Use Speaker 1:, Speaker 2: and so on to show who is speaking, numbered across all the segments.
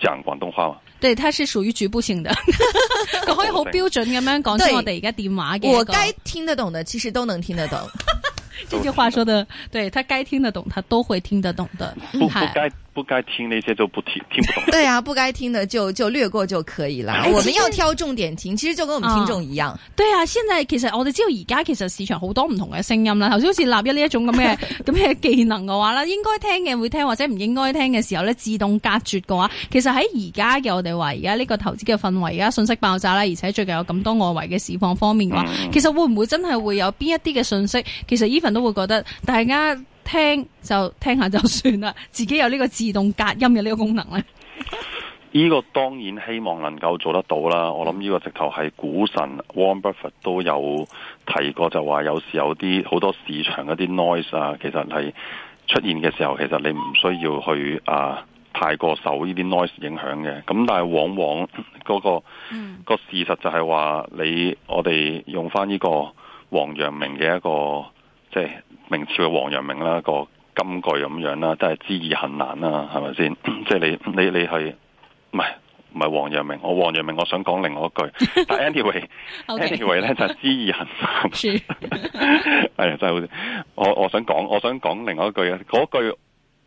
Speaker 1: 講廣東話嘛，
Speaker 2: 對，它是屬於局部性的，
Speaker 1: 可以好標準
Speaker 2: 咁樣 對講出我哋而家電話嘅。對我該聽得懂的，其實都能聽得懂。
Speaker 1: 這句話說的，
Speaker 2: 對他該聽得懂，他都會聽得懂的。不，不該。
Speaker 1: 不該聽那些就不聽，聽不懂。
Speaker 2: 對啊，不該聽的就就略過就可以了。欸、我們要挑重點聽，其實就跟我們聽眾一樣、啊。對啊，現在其實我哋知道而家其實市場好多唔同嘅聲音啦。頭先好似立咗呢一種咁嘅咁嘅技能嘅話啦，應該聽嘅會聽，或者唔應該聽嘅時候咧，自動隔絕嘅話，其實喺而家嘅我哋話而家呢個投資嘅氛圍，而家信息爆炸啦，而且最近有咁多外圍嘅市況方面嘅話，嗯、其實會唔會真係會有邊一啲嘅信息？其實 Evan 都會覺得大家。聽就聽下就算啦，自己有呢個自動隔音嘅呢個功能呢。
Speaker 1: 呢個當然希望能夠做得到啦。我諗呢個直頭係股神 Warren Buffett 都有提過，就話有時有啲好多市場一啲 noise 啊，其實係出現嘅時候，其實你唔需要去啊太過受呢啲 noise 影響嘅。咁但係往往嗰、嗰個、嗯、個事實就係話你我哋用翻呢個王陽明嘅一個。即係明朝嘅王陽明啦，個金句咁樣啦，都係知易行難啦，係咪先？ 即係你你你係唔係唔係王陽明？我王陽明，我想講另外一句，但係 anyway，anyway 咧就知易行難，係啊，真係好我我想講我想講另外一句啊，嗰句。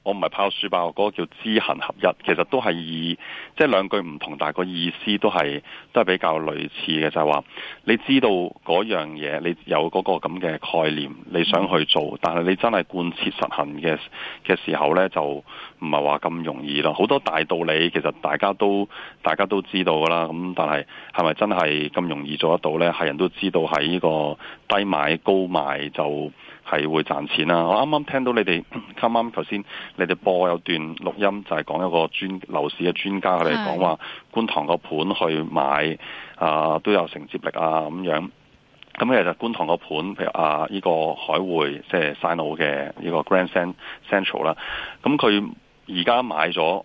Speaker 1: 我唔係拋書包，嗰個叫知行合一，其實都係以即係、就是、兩句唔同，但係個意思都係都係比較類似嘅，就係、是、話你知道嗰樣嘢，你有嗰個咁嘅概念，你想去做，但係你真係貫徹實行嘅嘅時候呢，就唔係話咁容易咯。好多大道理其實大家都大家都知道噶啦，咁但係係咪真係咁容易做得到呢？係人都知道喺呢個低買高賣就，係會賺錢啦、啊！我啱啱聽到你哋啱啱頭先你哋播有段錄音，就係、是、講一個專樓市嘅專家佢哋講話觀塘個盤去買啊都有承接力啊咁樣。咁、嗯、其實觀塘個盤譬如啊依、這個海匯，即係信和嘅呢個 Grand Central 啦、啊。咁佢而家買咗，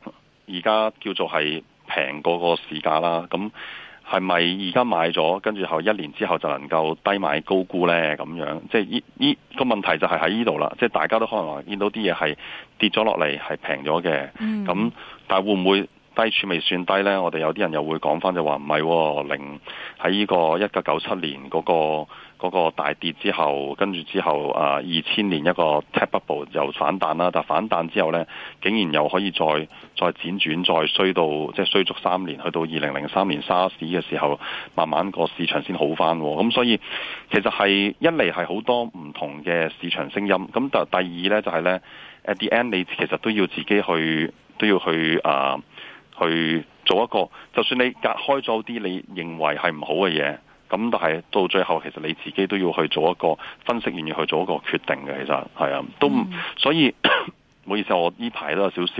Speaker 1: 而家叫做係平過個市價啦。咁、啊嗯係咪而家買咗，跟住後一年之後就能夠低買高沽呢？咁樣，即係依依個問題就係喺呢度啦。即係大家都可能話見到啲嘢係跌咗落嚟，係平咗嘅。咁、mm. 但係會唔會低處未算低呢？我哋有啲人又會講返就話唔係，零喺呢個一九九七年嗰、嗰個。嗰個大跌之後，跟住之後啊，二千年一個 tech bubble 又反彈啦，但反彈之後呢，竟然又可以再再輾轉再衰到，即係衰足三年，去到二零零三年 SARS 嘅時候，慢慢個市場先好翻喎。咁所以其實係一嚟係好多唔同嘅市場聲音，咁但第二呢，就係呢，at the end 你其實都要自己去，都要去啊，去做一個，就算你隔開咗啲你認為係唔好嘅嘢。咁但係到最後，其實你自己都要去做一個分析，願意去做一個決定嘅。其實係啊，都唔，所以唔好意思。我呢排都有少少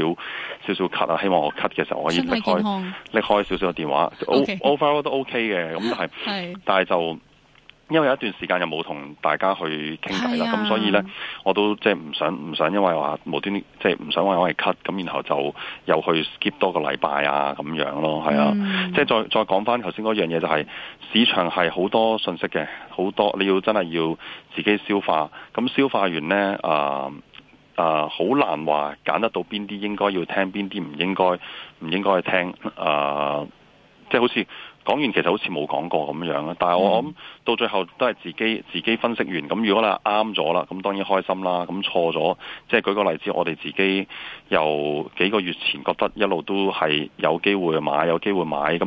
Speaker 1: 少少咳啊，希望我咳嘅時候我可以拎開，拎開少少電話。Overall 都 OK 嘅，咁但係。係，但係 是就。因為有一段時間又冇同大家去傾偈啦，咁、啊、所以呢，我都即係唔想唔想，想因為話無端端即係唔想話我係 cut，咁然後就又去 skip 多個禮拜啊咁樣咯，係啊，嗯、即係再再講翻頭先嗰樣嘢，就係，就係市場係好多信息嘅，好多你要真係要自己消化。咁消化完呢，啊、呃、啊，好、呃、難話揀得到邊啲應該要聽，邊啲唔應該唔應該去聽啊，呃，即係好似。講完其實好似冇講過咁樣啦，但係我諗到最後都係自己自己分析完，咁如果你啱咗啦，咁當然開心啦；咁錯咗，即係舉個例子，我哋自己由幾個月前覺得一路都係有機會買，有機會買，咁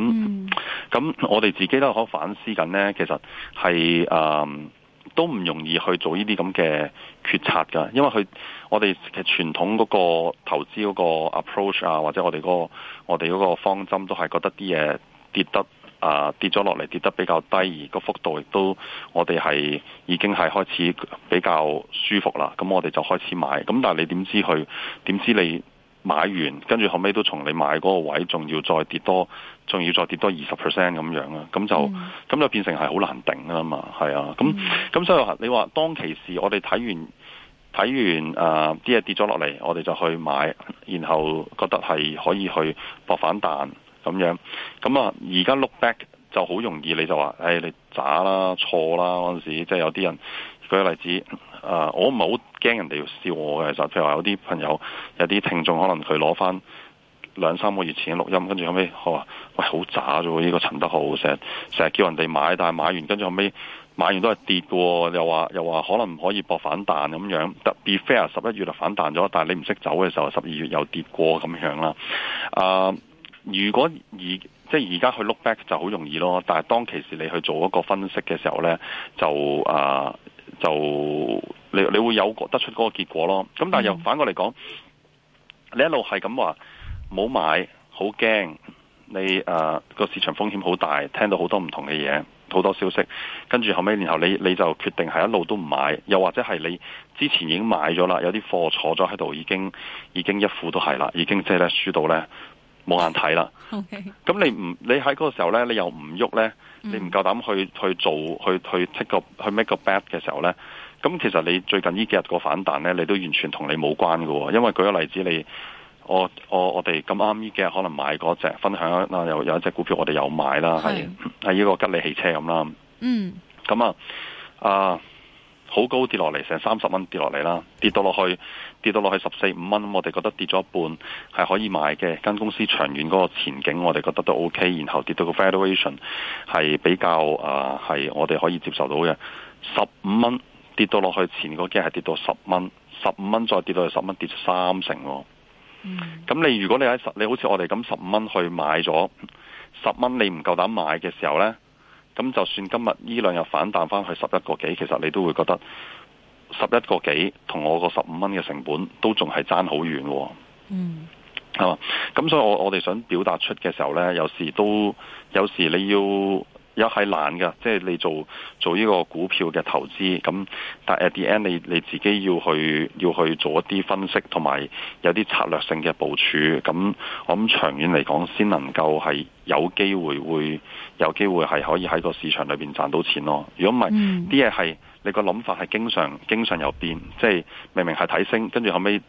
Speaker 1: 咁、嗯、我哋自己都可反思緊呢，其實係誒、嗯、都唔容易去做呢啲咁嘅決策噶，因為佢我哋其實傳統嗰個投資嗰個 approach 啊，或者我哋嗰個我哋嗰個方針都係覺得啲嘢跌得。啊，跌咗落嚟，跌得比較低，而個幅度亦都，我哋係已經係開始比較舒服啦。咁我哋就開始買。咁但係你點知去？點知你買完，跟住後尾都從你買嗰個位，仲要再跌多，仲要再跌多二十 percent 咁樣啊？咁就咁、嗯、就變成係好難頂啦嘛。係啊，咁咁、嗯、所以你話當其時我、啊，我哋睇完睇完，誒啲嘢跌咗落嚟，我哋就去買，然後覺得係可以去博反彈。咁樣，咁啊，而家 look back 就好容易你、哎，你就話：誒，你渣啦、錯啦嗰陣時，即係有啲人舉個例子。誒、呃，我唔係好驚人哋要笑我嘅，就譬如話有啲朋友、有啲聽眾，可能佢攞翻兩三個月前錄音，跟住後尾佢話：喂，好渣啫！呢、呢個陳德豪成日成日叫人哋買，但係買完跟住後尾買完都係跌嘅，又話又話可能唔可以搏反彈咁樣。特別 fair 十一月就反彈咗，但係你唔識走嘅時候，十二月又跌過咁樣啦。啊、呃！如果而即係而家去 look back 就好容易咯，但係當其時你去做一個分析嘅時候咧，就啊、呃、就你你會有覺得出嗰個結果咯。咁但係又反過嚟講，你一路係咁話冇買，好驚你啊個、呃、市場風險好大，聽到好多唔同嘅嘢，好多消息，跟住後屘然後你你就決定係一路都唔買，又或者係你之前已經買咗啦，有啲貨坐咗喺度，已經已經一副都係啦，已經即係咧輸到咧。冇眼睇啦！咁 Okay. 你唔你喺嗰個時候咧，你又唔喐咧，你唔夠膽去、嗯、去，去做去去 take 個去 make 個 bet 嘅時候咧，咁其實你最近幾呢幾日個反彈咧，你都完全同你冇關噶、哦，因為舉個例子你，我我我哋咁啱呢幾日可能買嗰隻，分享嗱又有，有一隻股票我哋有買啦，係係呢個吉利汽車咁啦，嗯，咁啊啊。啊好高跌落嚟，成三十蚊跌落嚟啦，跌到落去，跌到落去十四五蚊，我哋覺得跌咗一半，係可以買嘅。間公司長遠嗰個前景，我哋覺得都 OK。然後跌到個 valuation 係比較誒係、呃、我哋可以接受到嘅。十五蚊跌到落去前嗰幾日係跌到十蚊，十五蚊再跌到去十蚊，跌咗三成。嗯，咁你如果你喺十，你好似我哋咁十五蚊去買咗十蚊，你唔夠膽買嘅時候咧？咁就算今日呢兩日反彈返去十一個幾，其實你都會覺得十一個幾同我個十五蚊嘅成本都仲係爭好遠喎、啊。嗯，係嘛、啊？咁所以我我哋想表達出嘅時候呢，有時都有時你要。有係難嘅，即係你做做呢個股票嘅投資，咁但係 at the end 你你自己要去要去做一啲分析，同埋有啲策略性嘅部署，咁我諗長遠嚟講，先能夠係有機會會有機會係可以喺個市場裏邊賺到錢咯。如果唔係，啲嘢，係你個諗法係經常經常有變，即係明明係睇升，跟住後尾。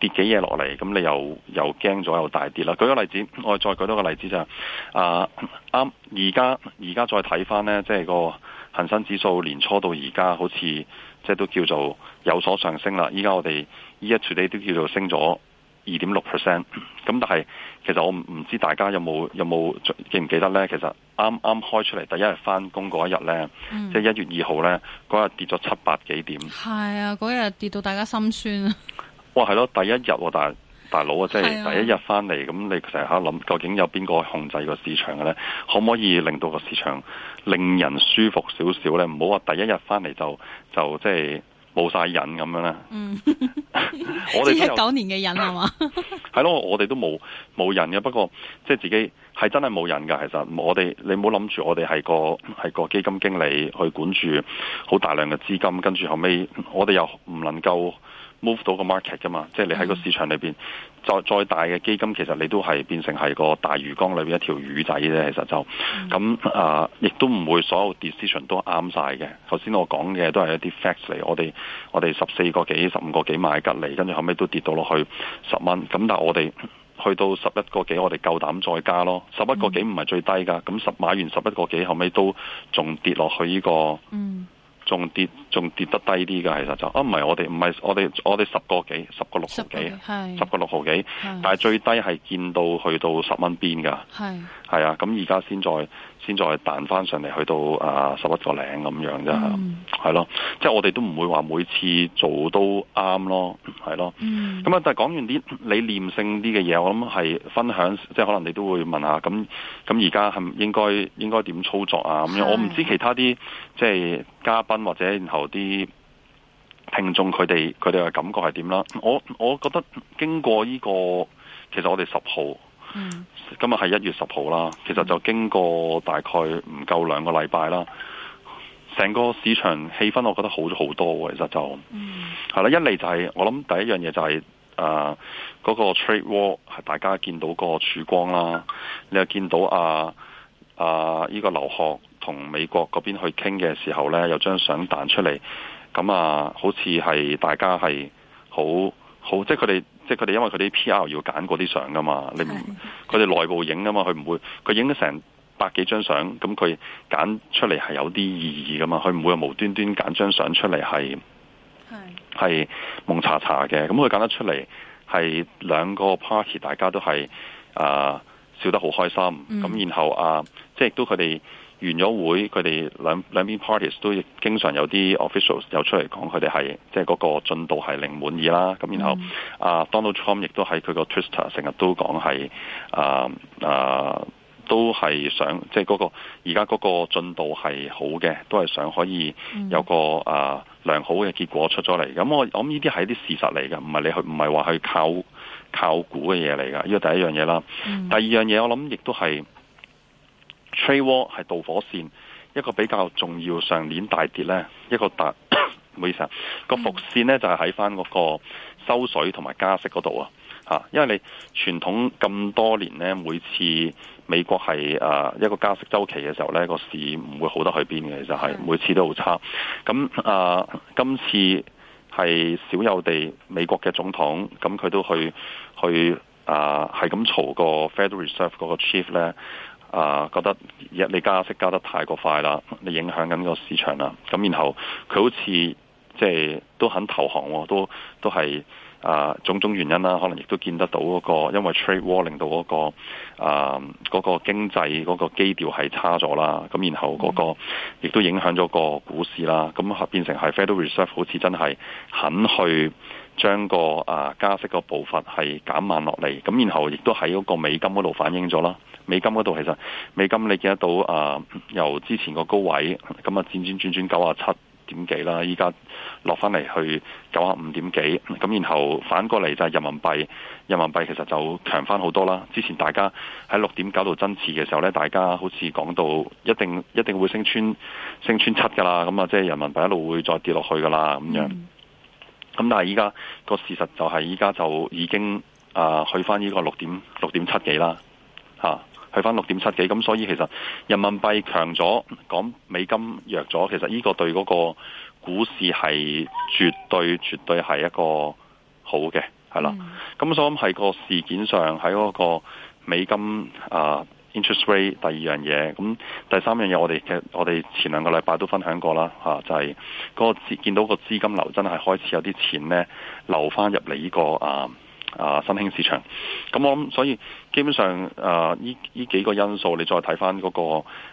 Speaker 1: 跌幾嘢落嚟，咁你又又驚咗，又大跌啦。舉個例子，我再舉多個例子就是、啊，啱而家而家再睇翻呢，即、就、係、是、個恒生指數年初到而家好似即係都叫做有所上升啦。依家我哋依一處理都叫做升咗二點六 percent。咁但係其實我唔唔知大家有冇有冇記唔記得呢？其實啱啱開出嚟第一日翻工嗰一、嗯、日呢，即係一月二號呢，嗰日跌咗七百幾點。
Speaker 2: 係啊，嗰日跌到大家心酸啊！
Speaker 1: 係咯，第、嗯、一日大大佬啊，即係第一日翻嚟，咁你成日諗究竟有邊個控制個市場嘅咧？可唔可以令到個市場令人舒服少少咧？唔好話第一日翻嚟就就即係冇晒癮咁樣啦。嗯，我哋、嗯嗯、一九
Speaker 2: 年嘅人係嘛？
Speaker 1: 係咯吧，我哋都冇冇人嘅。不過即係自己係真係冇人噶。其實我哋你唔好諗住我哋係個係個基金經理去管住好大量嘅資金，跟住後尾，我哋又唔能夠。move 到個 market 㗎嘛，即係你喺個市場裏邊，再、嗯、再大嘅基金，其實你都係變成係個大魚缸裏邊一條魚仔啫。其實就咁啊，亦、嗯呃、都唔會所有 decision 都啱晒嘅。頭先我講嘅都係一啲 facts 嚟，我哋我哋十四個幾、十五個幾買吉利，跟住後尾都跌到落去十蚊。咁但係我哋去到十一個幾，我哋夠膽再加咯。十一個幾唔係最低㗎，咁十、嗯、買完十一個幾，後尾都仲跌落去依、呢個。嗯仲跌仲跌得低啲嘅，其實就啊唔係我哋唔係我哋我哋十個幾十個六毫幾，十個六毫幾。但係最低係見到去到十蚊邊噶，係係啊，咁而家先再。嗯現在現在先再彈翻上嚟，去到啊十一個零咁樣啫，係咯、嗯，即係、就是、我哋都唔會話每次做都啱咯，係咯。咁啊、嗯，但係講完啲理念性啲嘅嘢，我諗係分享，即、就、係、是、可能你都會問下，咁咁而家係唔應該應該點操作啊？咁樣的我唔知其他啲即係嘉賓或者然後啲聽眾佢哋佢哋嘅感覺係點啦。我我覺得經過呢、這個，其實我哋十號。嗯，今日係一月十號啦，其實就經過大概唔夠兩個禮拜啦，成個市場氣氛，我覺得好咗好多，啊、其實就，嗯，係啦，一嚟就係、是、我諗第一樣嘢就係、是、誒、啊那個 trade war 係大家見到個曙光啦，你又見到阿阿呢個劉鶴同美國嗰邊去傾嘅時候咧，有張相彈出嚟，咁啊，好似係大家係好好，即係佢哋。即係佢哋，因為佢啲 P.R. 要揀嗰啲相噶嘛，你唔，佢哋內部影吖嘛，佢唔會，佢影咗成百幾張相，咁佢揀出嚟係有啲意義噶嘛，佢唔會無端端揀張相出嚟係係蒙查查嘅，咁佢揀得出嚟係兩個 party 大家都係啊笑得好開心，咁、嗯、然後啊，即係都佢哋。完咗會，佢哋兩兩邊 parties 都經常有啲 officials 有出嚟講，佢哋係即係嗰個進度係令滿意啦。咁然後、mm. 啊，Donald Trump 亦都喺佢個 Twitter 成日都講係啊啊，都係想即係嗰個而家嗰個進度係好嘅，都係想可以有個、mm. 啊良好嘅結果出咗嚟。咁我我諗呢啲係啲事實嚟嘅，唔係你去唔係話去靠靠估嘅嘢嚟㗎。呢個第一樣嘢啦。Mm. 第二樣嘢我諗亦都係。Trade War 係導火線，一個比較重要。上年大跌呢，一個大唔 好意思啊，個伏 線呢就係喺翻嗰個收水同埋加息嗰度啊，嚇！因為你傳統咁多年呢，每次美國係誒一個加息周期嘅時候呢，個市唔會好得去邊嘅，其實係每次都好差。咁誒、呃，今次係少有地美國嘅總統，咁佢都去去誒係咁嘈個 Federal Reserve 嗰個 Chief 呢。啊，覺得日你加息加得太過快啦，你影響緊個市場啦。咁然後佢好似即係都肯投降喎，哦，都都係。啊，種種原因啦，可能亦都見得到嗰個，因為 Trade War 令到嗰個啊嗰個經濟嗰個基調係差咗啦，咁然後嗰個亦、嗯、都影響咗個股市啦，咁變成係 Federal Reserve 好似真係肯去將個啊加息個步伐係減慢落嚟，咁然後亦都喺嗰個美金嗰度反映咗啦，美金嗰度其實美金你見得到啊，由之前個高位，咁啊轉轉轉轉九啊七。點幾啦？依家落翻嚟去九啊五點幾，咁然後反過嚟就係人民幣，人民幣其實就強翻好多啦。之前大家喺六點九度爭持嘅時候呢，大家好似講到一定一定會升穿升穿七噶啦，咁啊即係人民幣一路會再跌落去噶啦咁樣。咁、嗯、但係依家個事實就係依家就已經、呃、去啊去翻呢個六點六點七幾啦，吓。去翻六點七幾，咁所以其實人民幣強咗，講美金弱咗，其實呢個對嗰個股市係絕對、絕對係一個好嘅，係啦。咁、嗯、所以係個事件上，喺嗰個美金啊 interest rate 第二樣嘢，咁第三樣嘢我哋其實我哋前兩個禮拜都分享過啦，嚇、啊、就係、係、嗰、嗰個見到個資金流真係開始有啲錢呢流翻入嚟呢個啊。啊，新興市場，咁我諗，所以基本上，誒、啊，依依幾個因素，你再睇翻嗰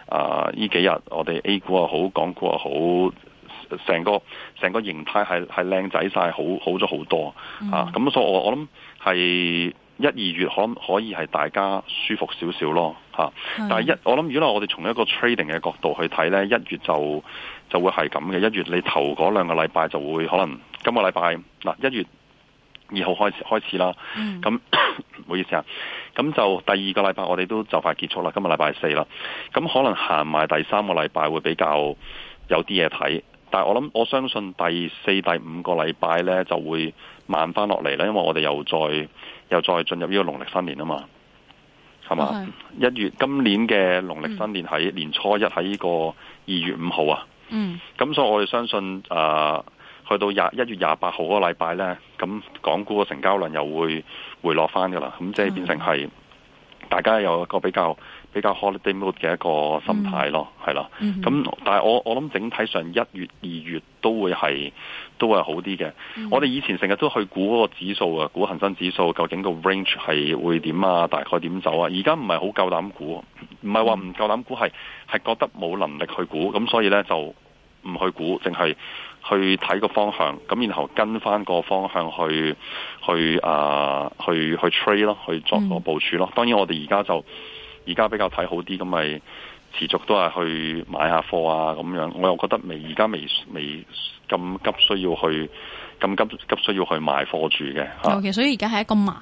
Speaker 1: 個，啊，依幾日我哋 A 股又好，港股又好，成個成個形態係係靚仔晒，好好咗好多，嗯、啊，咁所以我我諗係一、二月可可以係大家舒服少少咯，吓、啊，的但係一我諗如果我哋從一個 trading 嘅角度去睇呢，一月就就會係咁嘅，一月你頭嗰兩個禮拜就會可能今個禮拜嗱一月。二號開始開始啦，咁、嗯嗯、唔好意思啊，咁就第二個禮拜我哋都就快結束啦，今日禮拜四啦，咁可能行埋第三個禮拜會比較有啲嘢睇，但係我諗我相信第四、第五個禮拜呢就會慢翻落嚟啦，因為我哋又再又再進入呢個農曆新年啊嘛，係嘛？一月、哦、是今年嘅農曆新年喺、嗯、年初一喺呢個二月五號啊，嗯，咁所以我哋相信啊。呃去到廿一月廿八號嗰個禮拜呢，咁港股個成交量又會回落翻噶啦，咁即係變成係大家有一個比較比較 holiday mode 嘅一個心態咯，係、嗯、啦。咁、嗯、但係我我諗整體上一月二月都會係都係好啲嘅。嗯、我哋以前成日都去估嗰個指數啊，估恒生指數究竟個 range 係會點啊，大概點走啊？而家唔係好夠膽估，唔係話唔夠膽估，係係覺得冇能力去估，咁所以呢，就唔去估，淨係。去睇個方向，咁然後跟翻個方向去去啊，去、呃、去，去 trade 咯，去作個部署咯。當然我，我哋而家就而家比較睇好啲，咁咪持續都係去買下貨啊，咁樣我又覺得未而家未未咁急需要去咁急急需要去買貨住嘅嚇。
Speaker 2: OK，所以而家係一個買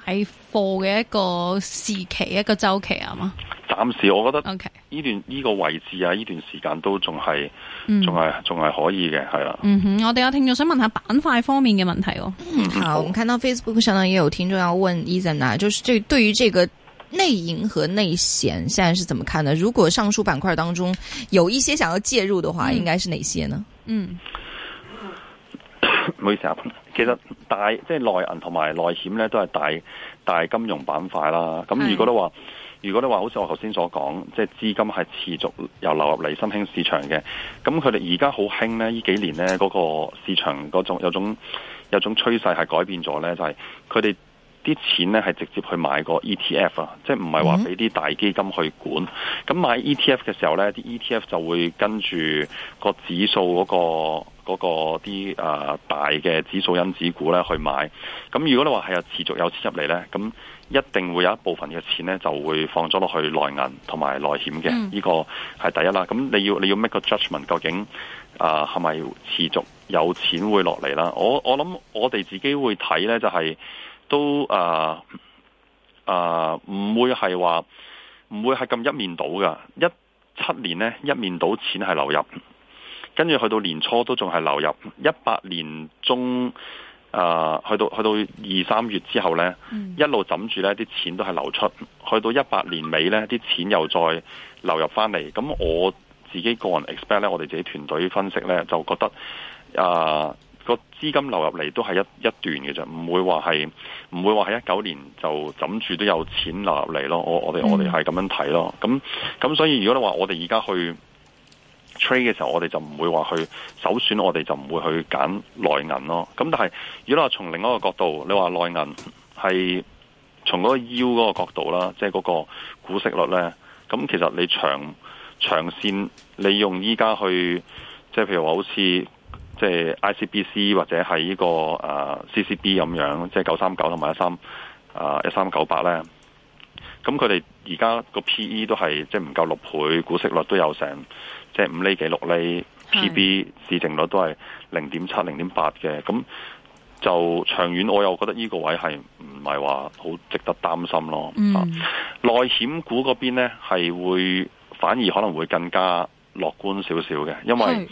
Speaker 2: 貨嘅一個時期，一個周期啊。嘛？嗯
Speaker 1: 暫時我覺得呢段呢 Okay. 個位置啊，呢段時間都仲係，仲係仲係可以嘅，係啦。嗯
Speaker 2: 哼，我哋有聽眾想問下板塊方面嘅問題哦。嗯，好，我們好看到 Facebook 上邊有聽眾要問 Eason 啊，就是這對於這個內銀和內險，現在是怎麼看呢？如果上述板塊當中有一些想要介入的話，嗯、應該是哪些呢？嗯，唔
Speaker 1: 好意思啊，其實大即係、就是、內銀同埋內險咧，都係大。大金融板塊啦，咁如果都話，係嘅，如果都話，好似我頭先所講，即係資金係持續又流入嚟，新興市場嘅，咁佢哋而家好興呢，呢幾年呢，嗰個市場嗰種有種有種趨勢係改變咗呢，就係佢哋啲錢呢係直接去買個 ETF 啊，即係唔係話俾啲大基金去管，咁，嗯，買 ETF 嘅時候呢，啲 ETF 就會跟住個指數嗰個。嗰個啲誒大嘅指數因子股咧，去買，咁如果你話係有持續有錢入嚟咧，咁一定會有一部分嘅錢咧就會放咗落去內銀同埋內險嘅，呢、嗯、個係第一啦。咁你要你要 make 個 judgment，究竟誒係咪持續有錢會落嚟啦？我我諗我哋自己會睇咧，就係都誒誒唔會係話唔會係咁一面倒噶。一七年咧一面倒錢係流入。跟住去到年初都仲係流入，一八年中啊、呃，去到去到二三月之後呢，嗯、一路枕住呢啲錢都係流出，去到一八年尾呢啲錢又再流入翻嚟。咁我自己個人 expect 呢，我哋自己團隊分析呢，就覺得啊個、呃、資金流入嚟都係一一段嘅啫，唔會話係唔會話係一九年就枕住都有錢流入嚟咯。我我哋、嗯、我哋係咁樣睇咯。咁咁所以如果你話我哋而家去 trade 嘅時候，我哋就唔會話去首選，我哋就唔會去揀內銀咯。咁但係，如果話從另一個角度，你話內銀係從嗰個 yield 嗰個角度啦，即係嗰個股息率呢。咁其實你長長線，你用依家去，即係譬如話好似即係 ICBC 或者係呢個誒 CCB 咁樣，即係九三九同埋一三誒一三九八呢。咁佢哋而家個 PE 都係即係唔夠六倍，股息率都有成。即係五厘幾、六厘 PB 是市淨率，都係零點七零點八嘅，咁就長遠我又覺得呢個位係唔係話好值得擔心咯。嗯、啊、內險股嗰邊呢係，會反而可能會更加樂觀少少嘅，因為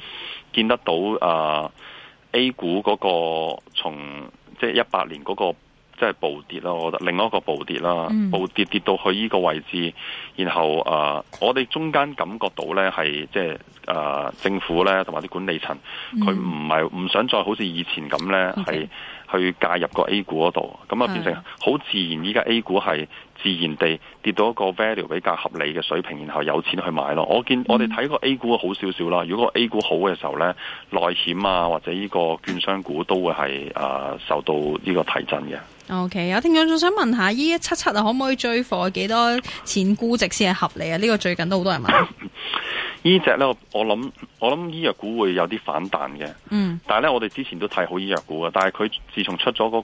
Speaker 1: 見得到誒是、uh, A 股嗰個從即係一八年嗰、那個。即係暴跌咯，我覺得另外一個暴跌啦，嗯、暴跌跌到去依個位置，然後誒、呃，我哋中間感覺到呢係即係誒政府呢，同埋啲管理層，佢唔係唔想再好似以前咁呢係 Okay 去介入個 A 股嗰度，咁啊變成好自然。依家 A 股係自然地跌到一個 value 比較合理嘅水平，然後有錢去買咯。我見我哋睇個 A 股好少少啦。如果個 A 股好嘅時候呢，內險啊或者呢個券商股都會係誒、呃、受到呢個提振嘅。
Speaker 2: O K，有聽眾仲想問下，依一七七啊，可唔可以追貨？幾多錢估值先係合理啊？呢、這個最近都好多人問。
Speaker 1: 呢隻呢，我諗我諗醫藥股會有啲反彈嘅。嗯。但係呢，我哋之前都睇好醫藥股嘅，但係佢自從出咗嗰、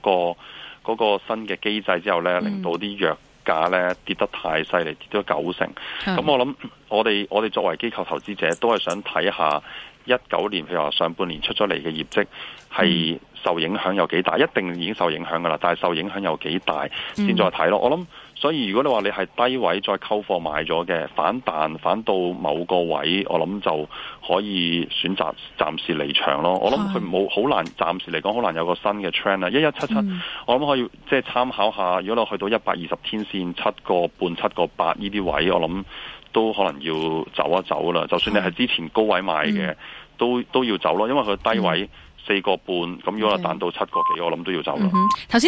Speaker 1: 那個、那個新嘅機制之後呢，嗯、令到啲藥價呢跌得太犀利，跌咗九成。咁、嗯、我諗，我哋我哋作為機構投資者，都係想睇下。一九年譬如話上半年出咗嚟嘅業績係受影響有幾大？一定已經受影響㗎啦，但係受影響有幾大先再睇咯。嗯、我諗，所以如果你話你係低位再溝貨買咗嘅反彈反到某個位，我諗就可以選擇暫時離場咯。我諗佢冇好難，暫時嚟講好難有個新嘅 trend 啊！一一七七，我諗可以即係參考下，如果你去到一百二十天線七個半、七個八呢啲位，我諗。都可能要走一走啦，就算你係之前高位買嘅，嗯、都都要走咯，因為佢低位四個半，咁如果彈到七個幾，我諗都要走啦。嗯，
Speaker 2: 頭先